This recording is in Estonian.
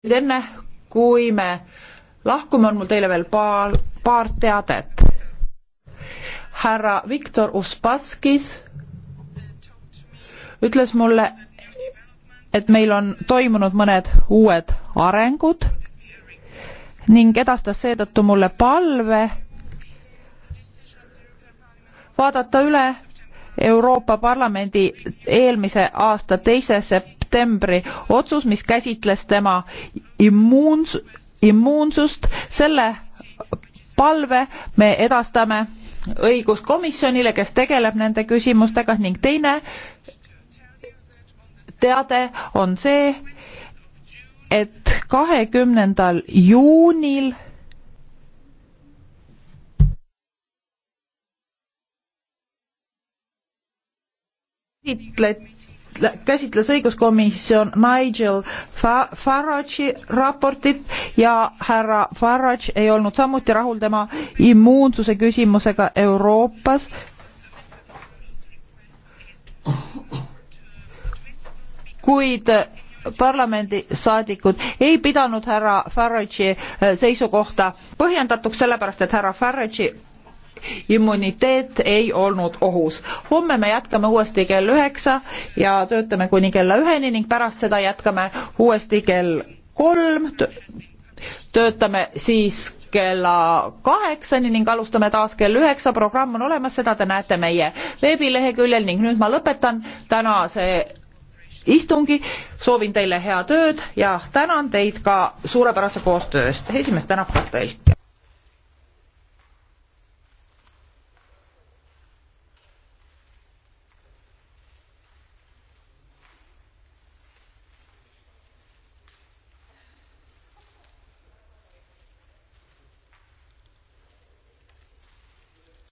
kuid enne kui me lahkume, on mul teile veel paar, paar teadet. härra Viktor Uspaskis ütles mulle, et meil on toimunud mõned uued arengud ning edastas seetõttu mulle palve vaadata üle Euroopa Parlamendi eelmise aasta teise sept-, septembri otsus, mis käsitles tema immuuns-, immuunsust, selle palve me edastame õiguskomisjonile, kes tegeleb nende küsimustega ning teine teade on see, et kahekümnendal juunil esitleti käsitles õiguskomisjon Nigel Farage'i raportit ja härra Farage ei olnud samuti rahul tema immuunsuse küsimusega Euroopas. kuid parlamendisaadikud ei pidanud härra Farage'i seisukohta põhjendatuks, sellepärast et härra Farage'i immuniteet ei olnud ohus. homme me jätkame uuesti kell üheksa ja töötame kuni kella üheni ning pärast seda jätkame uuesti kell kolm, töötame siis kella kaheksani ning alustame taas kell üheksa, programm on olemas, seda te näete meie veebileheküljel ning nüüd ma lõpetan tänase istungi, soovin teile head ööd ja tänan teid ka suurepärase koostöö eest, esimees tänab ka teilt.